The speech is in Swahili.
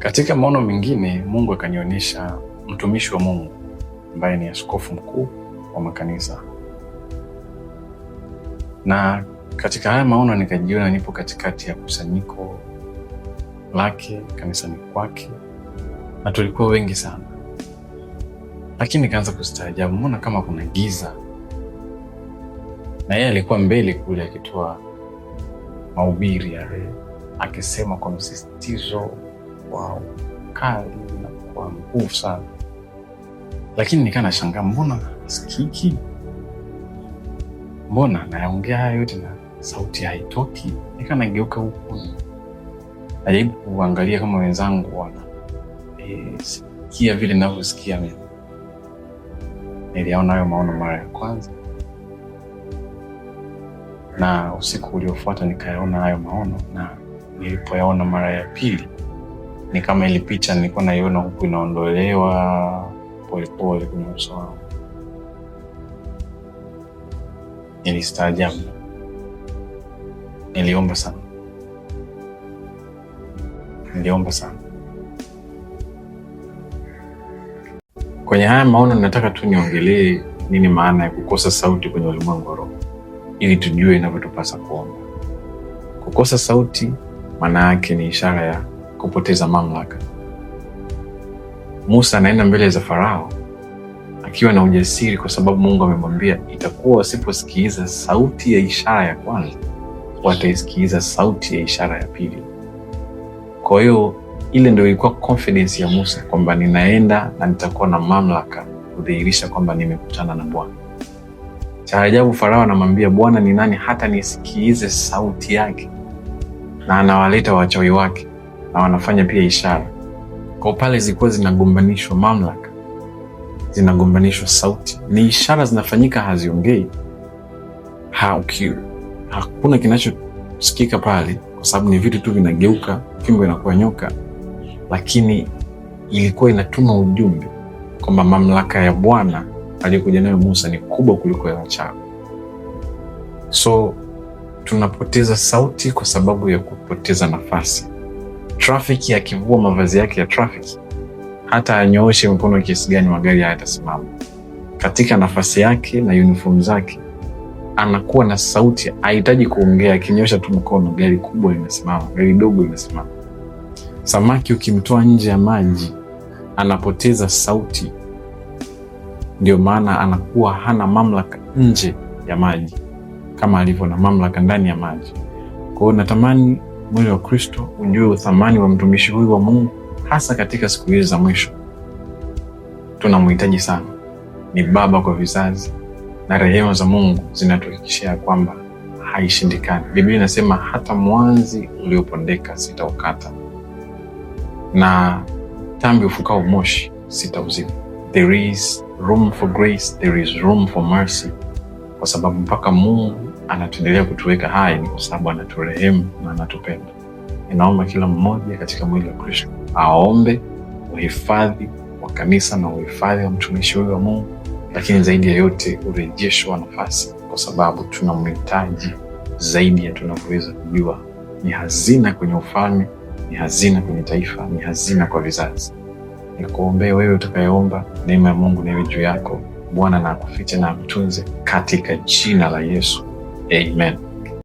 Katika maono mengine Mungu akanionyesha mtumishi wa Mungu ambaye ni askofu mkuu wa makanisa, na katika haya maono nikajiona nipo katikati ya kusanyiko lake kanisani kwake, na tulikuwa wengi sana, lakini nikaanza kustaajabu, mbona kama kuna giza? Na yeye alikuwa mbele kule akitoa mahubiri yale, akisema kwa msisitizo kwao kali inakuwa nguvu sana, lakini nikaa nashangaa, mbona sikiki? Mbona nayaongea haya yote na sauti haitoki? Nikaa nageuka huku najaribu kuangalia kama wenzangu wana e, sikia vile navyosikia mimi. Niliyaona hayo maono mara ya kwanza, na usiku uliofuata nikayaona hayo maono, na nilipoyaona mara ya pili ni kama ile picha nilikuwa naiona huku inaondolewa polepole kwenye uso wangu. Nilistaajabu, niliomba sana, niliomba sana. Kwenye haya maono, nataka tu niongelee nini maana ya kukosa sauti kwenye ulimwengu wa roho, ili tujue inavyotupasa kuomba. Kukosa sauti maana yake ni ishara ya kupoteza mamlaka. Musa anaenda mbele za Farao akiwa na ujasiri, kwa sababu Mungu amemwambia itakuwa wasiposikiliza sauti ya ishara ya kwanza, wataisikiliza sauti ya ishara ya pili. Kwa hiyo ile ndio ilikuwa confidence ya Musa kwamba ninaenda na nitakuwa na mamlaka kudhihirisha kwamba nimekutana na Bwana. Cha ajabu, Farao anamwambia Bwana ni nani hata nisikiize sauti yake, na anawaleta wachawi wake na wanafanya pia ishara. Kwa pale zilikuwa zinagombanishwa mamlaka, zinagombanishwa sauti, ni ishara zinafanyika, haziongei ha, hakuna kinachosikika pale, kwa sababu ni vitu tu vinageuka, fimbo inakuwa nyoka, lakini ilikuwa inatuma ujumbe kwamba mamlaka ya Bwana aliyokuja nayo Musa ni kubwa kuliko ya wachawi. So tunapoteza sauti kwa sababu ya kupoteza nafasi trafiki akivua mavazi yake ya trafiki, hata anyooshe mkono kiasi gani, magari hayatasimama katika nafasi yake na uniform zake. Anakuwa na sauti, ahitaji kuongea, akinyosha tu mkono, gari kubwa limesimama, gari dogo limesimama. Samaki ukimtoa nje ya maji anapoteza sauti, ndio maana anakuwa hana mamlaka nje ya maji kama alivyo na mamlaka ndani ya maji. Kwa hiyo natamani mwili wa Kristo ujue uthamani wa mtumishi huyu wa Mungu, hasa katika siku hizi za mwisho. Tunamhitaji sana, ni baba kwa vizazi, na rehema za Mungu zinatuhakikishia kwamba haishindikani. Biblia inasema hata mwanzi uliopondeka sitaukata, na tambi ufukao moshi sitauzima. There is room for grace, there is room for mercy, kwa sababu mpaka Mungu anatuendelea kutuweka hai ni kwa sababu anaturehemu na anatupenda. Ninaomba kila mmoja katika mwili wa Kristo aombe uhifadhi wa kanisa na uhifadhi wa mtumishi huyu wa Mungu, lakini zaidi ya yote urejesho wa nafasi, kwa sababu tunamhitaji zaidi ya tunavyoweza kujua. Ni hazina kwenye ufalme, ni hazina kwenye taifa, ni hazina kwa vizazi. Nikuombee wewe utakayeomba, neema ya Mungu na iwe juu yako. Bwana na akufiche na akutunze katika jina la Yesu. Amen.